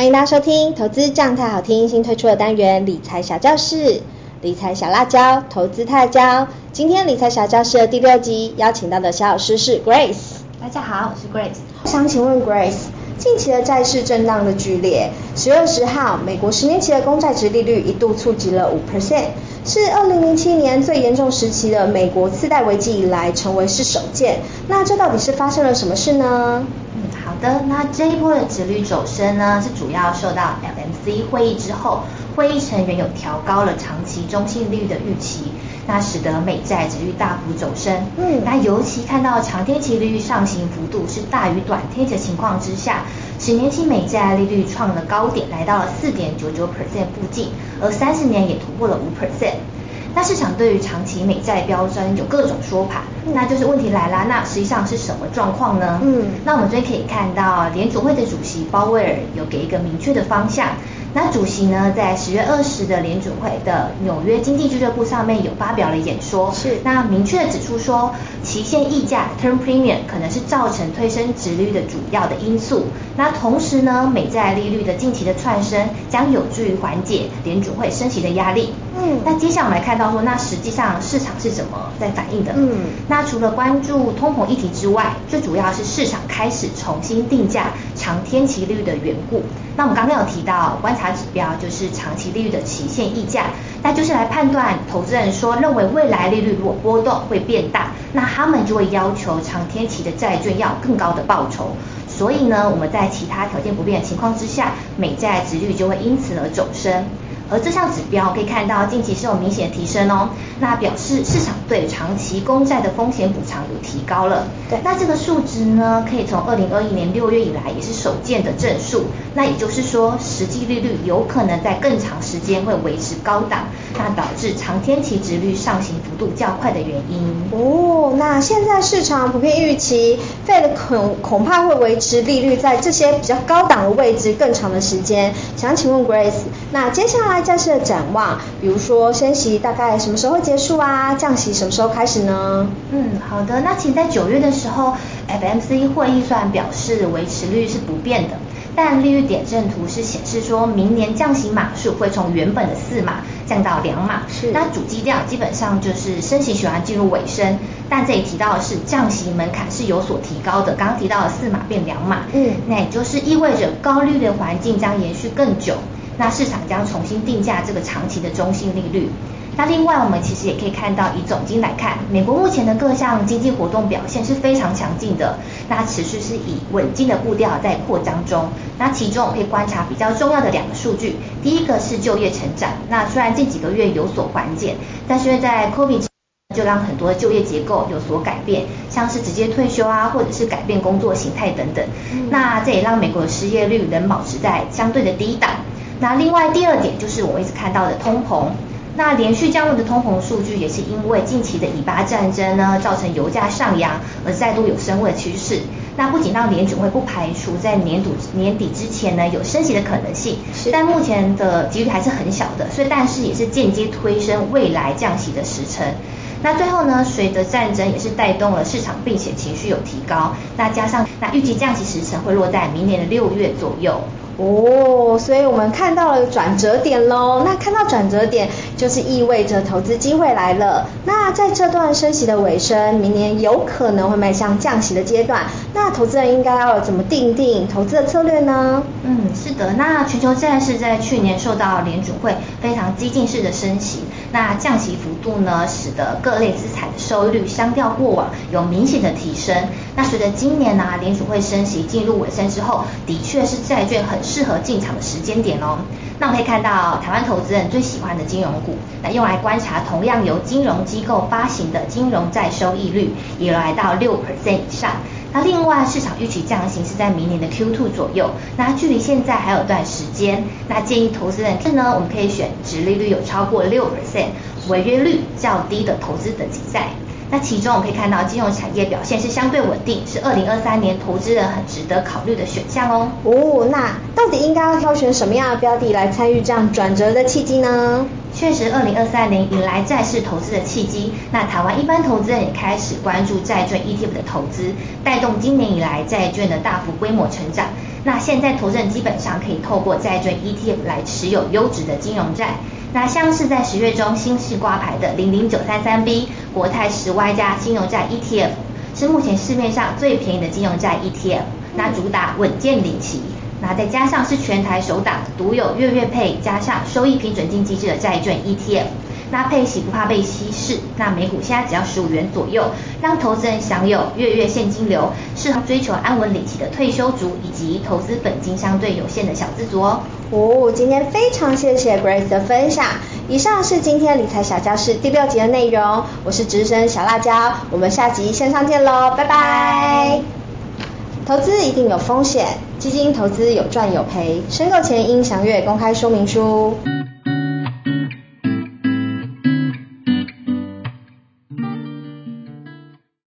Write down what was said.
歡迎大家收聽《投資！這樣，泰好聽》新推出的單元《理財小教室》，理財小辣椒，投資泰椒。今天《理財小教室》的第六集，邀請到的小老師是 Grace。大家好，我是 Grace。我想請問 Grace，近期的債市震盪的劇烈，十月十號，美國十年期的公債殖利率一度觸及了五 percent，是二零零七年最嚴重時期的美國次貸危機以來成為是首件。那這到底是發生了什麼事呢？的那這一波的殖率走升呢，是主要受到 F M C 會議之後，會議成員有調高了長期中性利率的預期，那使得美債殖率大幅走升。嗯，那尤其看到長天期利率上行幅度是大於短天期的情況之下，十年期美債利率創了高點，來到了四點九九 percent 附近，而三十年也突破了五 percent。那市場對於長期美債飆升有各種說法，那就是問題來了。那實際上是什麼狀況呢？嗯，那我們這邊可以看到聯準會的主席鮑威爾有給一個明確的方向。那主席呢，在十月二十日的聯準會的紐約經濟俱樂部上面有發表了演說，是那明確的指出說，期限溢價 （term premium） 可能是造成推升殖利率的主要的因素。那同時呢，美債利率的近期的竄升將有助於緩解聯準會升息的壓力。嗯，那接下來我們來看到說，那實際上市場是怎麼在反應的？嗯，那除了關注通膨議題之外，最主要是市場開始重新定價，長天期利率的緣故，那我們剛剛有提到觀察指標，就是長期利率的期限溢價，那就是來判斷投資人說認為未來利率如果波動會變大，那他們就會要求長天期的債券要更高的報酬，所以呢，我們在其他條件不變的情況之下，美債殖率就會因此而走升。而這項指標可以看到近期是有明顯的提升哦，那表示市場對長期公債的風險補償有提高了。對，那這個數值呢，可以從二零二一年六月以來也是首見的正數，那也就是說實際利率有可能在更長時間會維持高檔，那導致長天期殖率上行幅度較快的原因。哦，那現在市場普遍預期 Fed 恐恐怕會維持利率在這些比較高檔的位置更長的時間。想請問 Grace，那接下來戰事的展望，比如說升息大概什麼時候會結束啊？降息什麼時候開始呢？嗯，好的，那請在九月的時候，FMC 會議雖然表示維持率是不變的，但利率點陣圖是顯示說明年降息碼數會從原本的四碼降到兩碼。是，那主基調基本上就是升息循環進入尾聲，但這裡提到的是降息門檻是有所提高的，剛剛提到的四碼變兩碼，嗯，那也就是意味着高利率的環境將延續更久。那市場將重新定價這個長期的中性利率。那另外，我們其實也可以看到，以總經來看，美國目前的各項經濟活動表現是非常強勁的。那持續是以穩定的步調在擴張中。那其中我可以觀察比較重要的兩個數據，第一個是就業成長。那雖然近幾個月有所緩解，但是在 COVID 就讓很多的就業結構有所改變，像是直接退休啊，或者是改變工作形態等等。那這也讓美國的失業率能保持在相對的低檔。那另外第二點就是我們一直看到的通膨，那連續降溫的通膨數據也是因為近期的以巴戰爭呢，造成油價上揚而再度有升溫的趨勢。那不僅讓聯準會不排除在年度年底之前呢有升息的可能性，是但目前的幾率還是很小的。所以但是也是間接推升未來降息的時程。那最後呢，隨着戰爭也是帶動了市場，避險情緒有提高。那加上那預計降息時程會落在明年的六月左右。哦，所以我們看到了轉折點嘍。那看到轉折點。就是意味着投資機會來了。那在這段升息的尾聲，明年有可能會邁向降息的階段，那投資人應該要怎麼訂定投資的策略呢？嗯，是的，那全球債市在去年受到聯儲會非常激進式的升息，那降息幅度呢，使得各類資產的收益率相較過往有明顯的提升。那隨着今年呢、啊，聯儲會升息進入尾聲之後，的確是債券很適合進場的時間點哦。那我們可以看到，台灣投資人最喜歡的金融股，那用來觀察同樣由金融機構發行的金融債收益率，也來到六 percent 以上。那另外，市場預期降息是在明年的 Q2 左右，那距離現在還有段時間。那建議投資人呢，我們可以選殖利率有超過六 percent，違約率較低的投資等級債。那其中我們可以看到金融產業表現是相對穩定，是二零二三年投資人很值得考慮的選項哦。哦，那到底應該要挑選什麼樣的標的來參與這樣轉折的契機呢？確實，二零二三年迎來債市投資的契機，那台灣一般投資人也開始關注債券 ETF 的投資，帶動今年以來債券的大幅規模成長。那現在投資人基本上可以透過債券 ETF 來持有優質的金融債。那像是在十月中新式掛牌的零零九三三 B 國泰十 Y 加金融債 ETF，是目前市面上最便宜的金融債 ETF。那主打穩健領奇，那再加上是全台首檔獨有月月配加上收益平準金機制的債券 ETF。那配息，不怕被稀釋，那每股現在只要十五元左右，讓投資人享有月月現金流，適合追求安穩利息的退休族以及投資本金相對有限的小資族哦。哦，今天非常謝謝 Grace 的分享，以上是今天理財小教室第六集的內容，我是主持人小辣椒，我們下集線上見嘍，拜拜。投資一定有風險，基金投資有賺有賠，申購前應詳閱公開說明書。